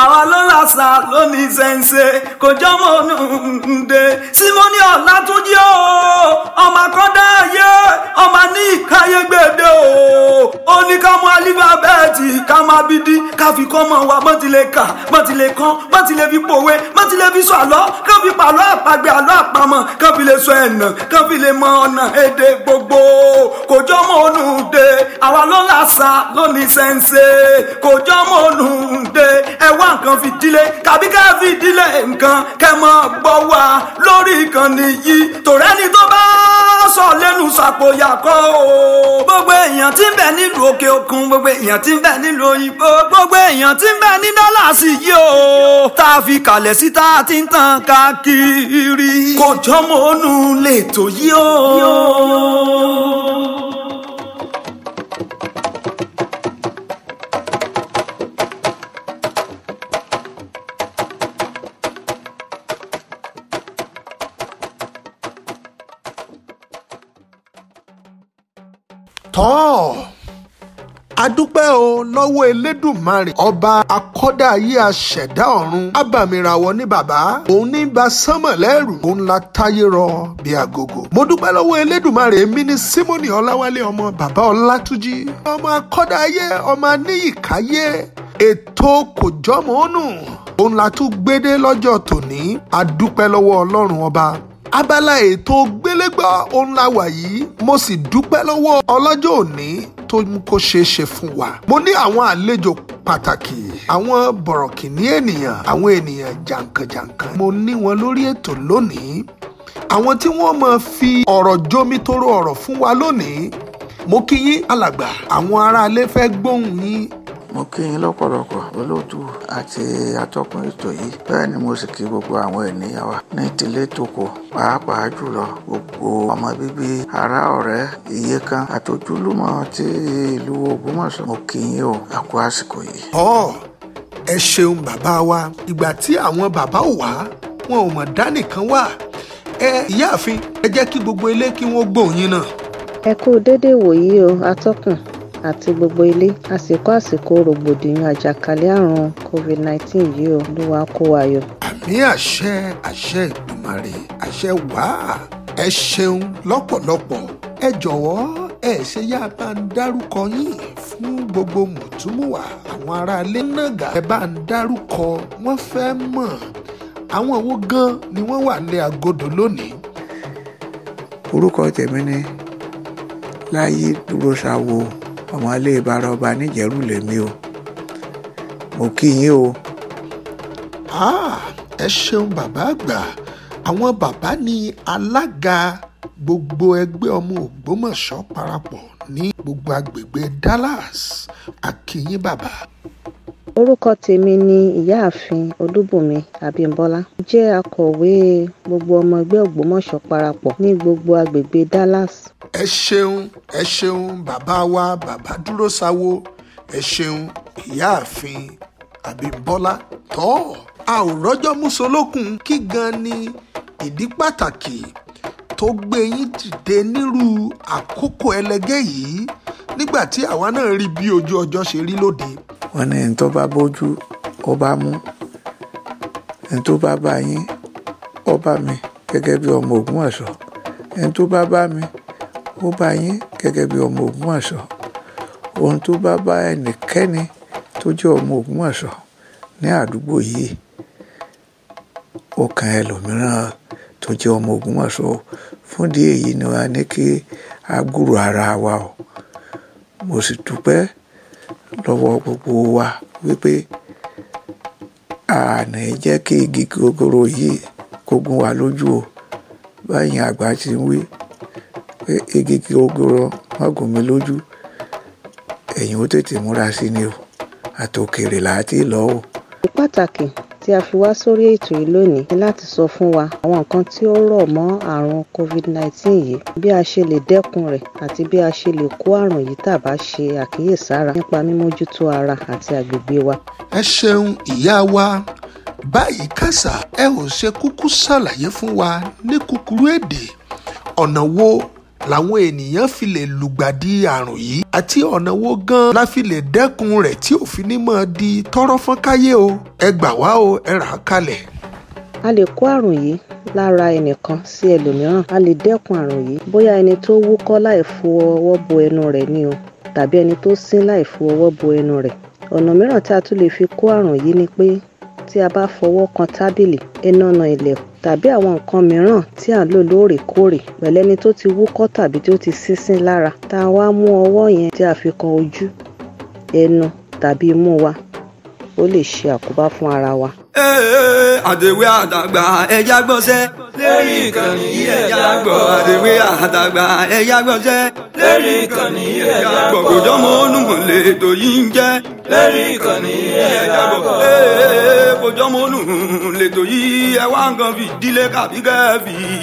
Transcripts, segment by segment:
àwa ló làṣà lónìí ṣẹ̀ǹṣẹ̀ kò jọ́mọ́ ònúǹde Simoni Ọlátúnjí o ọmọ gidi ká fi kọ́ mọ́ wa mọ́ ti lè kà mọ́ ti lè kán mọ́ ti lè fi pòwe mọ́ ti lè fi sọ àlọ́ ká fi pàlọ́ àpagbè àlọ́ àpamọ́ ká fi lè sọ ẹ̀nà ká fi lè mọ ọ̀nà èdè gbogbo kò jọ́ mọ́ onúde àwa ló làṣà lónìí sẹ́ńsẹ́ kò jọ́ mọ́ onúde ẹ wá nǹkan fi dílé tàbí ká fi dílé nǹkan kẹ́ mọ́ gbọ́ wa lórí ìkànnì yìí tòrẹ́ni tó bá sọ lẹ́nu sàpòyà kọ́ o. gbogbo èèyàn tí ń bẹ nílùú òkè òkun gbogbo èèyàn tí ń bẹ nílùú òyìnbó gbogbo èèyàn tí ń bẹ ní dọ́làsì yìí o. tá a fi kalẹ̀ sí tá a ti ń tàn káàkiri kò jọ́mọ́ lè tó yìí o. tán adúpẹ́ o lọ́wọ́ elédùnmarè ọba akọ́dá ayé aṣẹ̀dá ọ̀run abàmìràwọ̀ ní bàbá òun ní ba sánmọ̀ lẹ́rù òun la táyé rọ bí agogo. mo dúpẹ́ lọ́wọ́ elédùnmarè èmi ni Simoni Ọláwálé ọmọ bàbá Ọlátúnjí ọmọ akọ́dá ayé ọmọ aníyìkáyé ètò kò jọmọ́ ònù òun la tún gbédé lọ́jọ́ tòní adúpẹ́ lọ́wọ́ Ọlọ́run ọba abala ètò gbélégbá òun la wà yìí mo sì dúpẹ́ lọ́wọ́ ọlọ́jọ́ òní tó mú kó ṣeé ṣe fún wa mo ní àwọn àlejò pàtàkì àwọn bọ̀rọ̀kìnní ènìyàn àwọn ènìyàn jàǹkànjàǹkàn mo ní wọn lórí ètò lónìí àwọn tí wọ́n máa fi ọ̀rọ̀ jómitoro ọ̀rọ̀ fún wa lónìí mo kí yín alàgbà àwọn aráalé fẹ́ gbóhùn yín mo kí yín lọ́pọ̀lọpọ̀ olóòtú àti atọ́kùn ètò yìí bẹ́ẹ̀ ni mo sì kí gbogbo àwọn ènìyàn wa ní tìlé tòkò pàápàá jùlọ gbogbo ọmọ bíbí ará ọ̀rẹ́ iye kan àtòjúlùmọ̀ ti ìlú Ògbómọ̀ṣọ́ mo kí yín o àkó àsìkò yìí. ọ ẹ ṣeun bàbá wa ìgbà tí àwọn bàbá ò wá wọn ò mọ̀ dánìkan wà ẹ ìyáàfin ẹ jẹ́ kí gbogbo ilé kí wọ́n gbóhùn yín náà. ẹ kú déédéé wòyí o atọ́kùn àti gbogbo ilé àsìkò àsìkò rògbòdìyàn àjàkálẹ̀ àrùn covid-19 yìí ó ló wáá kó wa yọ. àmì àṣẹ àṣẹ ìdùmarè àṣẹ wàá ẹ ṣeun lọ́pọ̀lọpọ̀ ẹ jọ̀wọ́ ẹ ṣe yá bá ń dárúkọ yín fún gbogbo mùtúmùwà àwọn aráalé nàgà ẹ bá ń dárúkọ wọ́n fẹ́ mọ̀ àwọn wo gan ni wọ́n wà lé agodo lónìí. orúkọ tèmi ni láyé dúró ṣáwó ọmọ ilé ìbára ọba níjẹ̀rú lèmi o mo kí yín o. Ah, ẹ ṣeun bàbá àgbà àwọn bàbá ni alága gbogbo ẹgbẹ́ ọmọ Ògbómọ̀ṣọ́ parapọ̀ ní gbogbo agbègbè Dallas akínyín bàbá. orúkọ tèmi ni ìyáàfin olúbùnmi abímbọ́lá jẹ́ akọ̀wé gbogbo ọmọ ẹgbẹ́ Ògbómọ̀ṣọ́ parapọ̀ ní gbogbo agbègbè Dallas ẹ ṣeun ẹ ṣeun bàbá wa bàbá dúró sáwó ẹ ṣeun ìyáàfin àbímbọ́lá tọ́ a ò rọ́jọ́ músolókun kí gan ni ìdí pàtàkì tó gbé yín dìde nírú àkókò ẹlẹgẹ́ yìí nígbà tí àwa náà rí bí ojú ọjọ́ ṣe rí lóde. wọ́n ní ẹni tó bá bójú ó mú ẹni tó bá bá yín ó mi gẹ́gẹ́ bí ọmọ Ògbómọ̀ṣọ́ ẹni tó bá bá mi kó bá yín gẹ́gẹ́ bí ọmọ Ògbómọ̀ṣọ́ ohun tó bá bá ẹnikẹ́ni tó jẹ́ ọmọ Ògbómọ̀ṣọ́ ní àdúgbò yìí ó ẹlòmíràn tó jẹ́ ọmọ Ògbómọ̀ṣọ́ fún ìdí èyí ni wọ́n á ní kí a gbúrò ara wa o mo sì dúpẹ́ lọ́wọ́ gbogbo wa wípé àní jẹ́ kí igi gogoro yìí kó gún wa lójú o báyìí àgbà ti ń wí igi gogoro má gùn mí lójú ẹ̀yin ó tètè múra sí ni o àtòkèrè láti lọ o. pàtàkì tí a fi wá sórí ètò yìí lónìí ni láti sọ fún wa àwọn nǹkan tí ó rọ̀ mọ́ àrùn covid-19 yìí bí a ṣe lè dẹ́kun rẹ̀ àti bí a ṣe lè kó àrùn yìí tá bá ṣe àkíyèsára nípa mímójútó ara àti agbègbè wa. ẹ ṣeun ìyá wa báyìí kàṣà ẹ ò ṣe kúkú ṣàlàyé fún wa ní kúkúrú èdè ọ̀nà wo làwọn ènìyàn fi lè lùgbàdì àrùn yìí àti ọ̀nà wo gan la fi lè dẹ́kun rẹ̀ tí òfin ní mọ̀ di tọ́rọ́ fọ́n káyé o ẹ gbà wá o ẹ rà á kalẹ̀. a lè kó àrùn yìí lára ẹnìkan sí ẹlòmíràn a lè dẹ́kun àrùn yìí bóyá ẹni tó wúkọ́ láì fo ọwọ́ bo ẹnu rẹ̀ ni o tàbí ẹni tó sín láì fo ọwọ́ bo ẹnu rẹ̀ ọ̀nà mìíràn tí a tún lè fi kó àrùn yìí ni pé tí a bá fọwọ́ kan tábìlì ẹnu ilẹ̀kùn tàbí àwọn nǹkan mìíràn tí à ń lò lóòrèkóòrè pẹ̀lú ẹni tó ti wúkọ́ tàbí tó ti sínsín lára tá a wá mú ọwọ́ yẹn tí a fi kan ojú ẹnu tàbí imú wa ó lè ṣe àkóbá fún ara wa. àdèwé àdàgbà ẹja gbọ́nsẹ́ lórí ìkànnì yìí ẹja gbọ́ àdèwé àdàgbà ẹja gbọ́nsẹ́ lérí ìkànnì ẹ̀dá pọ̀. gbọ̀gbọ̀jọ́ mọ onúmọ̀lẹ̀ ètò yìí ń jẹ́. lérí ìkànnì ẹ̀dá pọ̀. kòjọ́ mọ onúmọ̀lẹ̀ ètò yìí ẹ wá nǹkan fi ìdílé kàbí kẹ́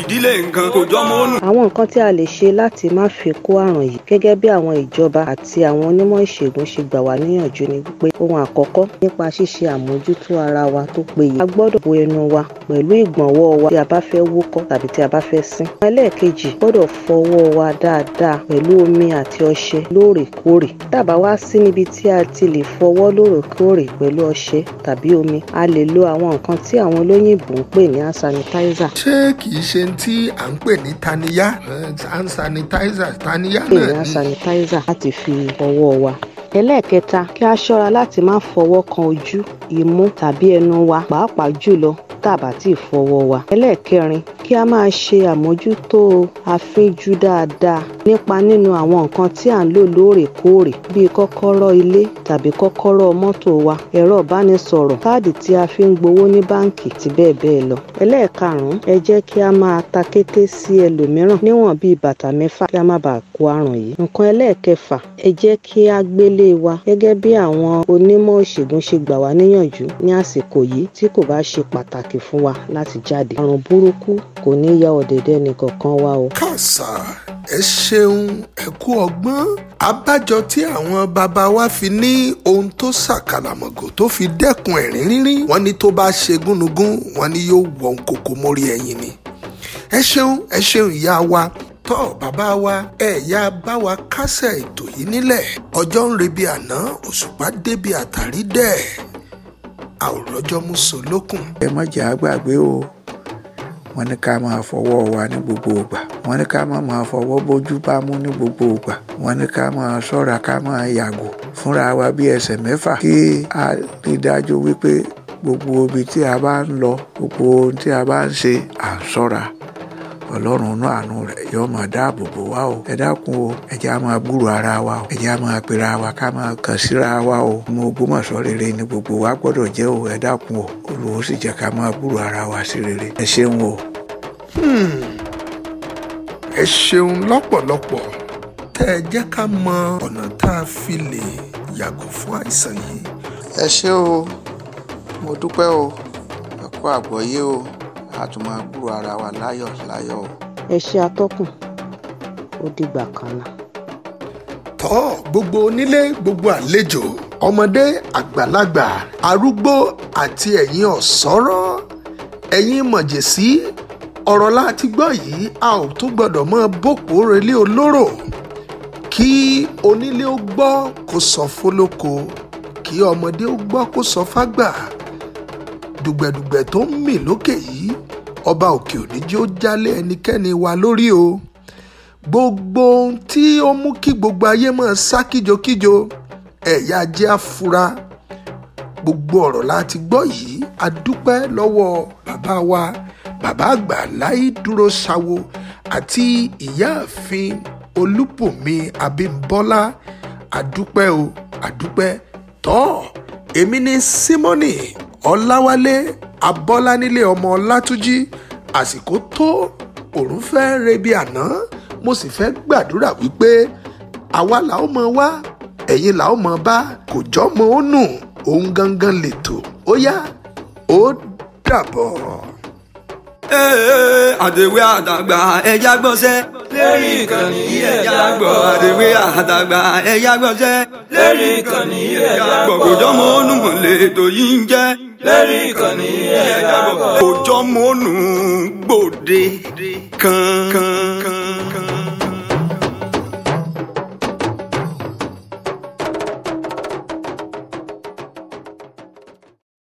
ìdílé nǹkan kòjọ́ mọ onú. àwọn nǹkan tí a lè ṣe láti má fi kó àrùn yìí gẹ́gẹ́ bí àwọn ìjọba àti àwọn onímọ̀ ìṣègùn ṣe gbà wá níyànjú ni wípé ohun àkọ́kọ́ nípa ṣíṣe àmójútó ara wa tó péye a gbọ́dọ̀ bo ẹnu wa pẹ̀lú ìgbọ̀nwọ́ wa tí a bá fẹ́ wúkọ́ tàbí tí a bá fẹ́ sín. ẹlẹ́ẹ̀kejì gbọ́dọ̀ fọwọ́ wa dáadáa pẹ̀lú pẹ̀lú omi àti ọṣẹ lóòrèkóòrè. Tá bá wá sí níbi tí a ti lè fọwọ́ lóòrèkóòrè pẹ̀lú ọṣẹ tàbí omi, a lè lo àwọn nǹkan tí àwọn olóyìnbó ń pè ní hand sanitizer. Ṣé kìí ṣe tí à ń pè ní taniya? hand sanitizer taniya náà Pè ní hand sanitizer láti fi ọwọ́ wa ẹlẹ́ẹ̀kẹta kí a ṣọ́ra láti má fọwọ́ kan ojú imú tàbí ẹnu wa pàápàá jùlọ tá a bá ti fọwọ́ wa. ẹlẹ́ẹ̀kẹrin kí a máa ṣe àmójútó àfínjú dáadáa nípa nínu àwọn nǹkan tí à ń lò lóòrèkóòrè bíi kọ́kọ́rọ́ ilé tàbí kọ́kọ́rọ́ mọ́tò wa ẹ̀rọ ìbánisọ̀rọ̀ káàdì tí a fi ń gbowó ní báǹkì àti bẹ́ẹ̀ bẹ́ẹ̀ lọ. ẹlẹ́ẹ̀karùn-ún ẹ jẹ́ kí a máa ta kété sí ẹlòmíràn níwọ̀n bíi bàtà mẹ́fà kí a má bàa kó àrùn yìí. nǹkan ẹlẹ́ẹ̀kẹfà ẹ jẹ́ kí a gbélé wa gẹ́gẹ́ bí àwọn onímọ̀ ìṣègùn ṣe gbà wá níyànjú ní àsìkò yìí tí kò bá ṣe pàtàkì fún wa láti jáde. àrùn burúkú kò ní ya ọ̀dẹ̀dẹ̀ nìkankan wa o. kàṣà ẹ ṣeun ẹ kú ọgbọ́n abájọ tí àwọn bàbá wa fi ní ohun tó ṣàkàlàmọ̀gò tó fi dẹ́kun ẹ̀rín rínrín wọn ni tó bá ṣe gúnugún wọn ni yóò wọ ohun kòkó mórí ẹ̀yìn ni ẹ ṣeun ẹ ṣeun ìyá wa tọ́ bàbá wa ẹ̀ yá bá wa kásẹ̀ ètò yìí nílẹ̀ ọjọ́ ń rebi àná òṣùpá débi àtàrí dẹ̀ àwòrán ọjọ́ mú so lókun. ẹ má jẹ́ àgbàgbé o wọ́n ní ká máa fọwọ́ wa ní gbogbo ìgbà wọ́n ní ká máa máa fọwọ́ bójú bá mú ní gbogbo ìgbà wọ́n ní ká máa ṣọ́ra ká máa yàgò fúnra wa bí ẹsẹ̀ mẹ́fà kí a rí dájú wípé gbogbo ibi tí a bá ń lọ gbogbo ohun tí a bá ń ṣe à ń ṣọ́ra ọlọ́run inú àánú rẹ̀ yóò máa dáàbò bò wá o ẹ dákun o ẹ jẹ́ á máa gbúrò ara wa o ẹ jẹ́ á máa pera wa ká máa kàn síra wa o ọmọ Ògbómọ̀ṣọ́ rere ni gbogbo wa gbọ́dọ̀ jẹ́ o ẹ dákun o Olúwo sì jẹ́ ká máa gbúrò ara wa sí rere ẹ ṣeun o. Hmm. ẹ ṣeun lọ́pọ̀lọpọ̀ tẹ́ ẹ jẹ́ ká mọ ọ̀nà tá a fi lè yàgò fún àìsàn yìí. ẹ ṣé o mo dúpẹ́ o ẹ kú àgbọ́yé o àtún máa gbúrò ara wa láyọ̀ láyọ̀ o. ẹ ṣe atọ́kùn ó dìgbà kan náà. tọ́ gbogbo onílé gbogbo àlejò ọmọdé àgbàlagbà arúgbó àti ẹ̀yin ọ̀sọ́rọ́ ẹ̀yin mọ̀jẹ̀sí ọ̀rọ̀ láti gbọ́ yìí a ò tún gbọ́dọ̀ mọ́ bòpò relé olóró kí onílé ó gbọ́ kó sọ fólóko kí ọmọdé ó gbọ́ kó sọ fágbà dùgbẹ̀dùgbẹ̀ tó ń mì lókè yìí ọba òkè òní jí ó jálé ẹnikẹ́ni wa lórí o gbogbo ohun tí ó mú kí gbogbo ayé máa sá kíjokíjo ẹ̀yà ajé àfura gbogbo ọ̀rọ̀ láti gbọ́ yìí a dúpẹ́ lọ́wọ́ bàbá wa bàbá àgbà láì dúró sáwo àti ìyáàfin olúbùnmi abímbọ́lá àdúpẹ́ o àdúpẹ́ tọ́ èmi ni simoni ọláwálé abọ́lánilé ọmọ ọlátúnjí àsìkò tó òrùn fẹ́ rebi bí àná mo sì fẹ́ gbàdúrà wípé àwa là ó mọ wá ẹ̀yin là ó mọ bá kò jọ́ mọ ó nù òun gangan lètò ó yá ó dàbọ̀. àdèwé àdàgbà ẹja gbọ́nsẹ́ lérí ìkànnì yìí ẹ̀yà gbọ́ àdèwé àtàgbà ẹ̀yà gbọ́sẹ́ lérí ìkànnì yìí ẹ̀yà gbọ́ kòjọ́mọ́ onúmọ̀lẹ́ ètò yìí ń jẹ́ lérí ìkànnì yìí ẹ̀yà gbọ́ kòjọ́mọ́ onú gbòde kan.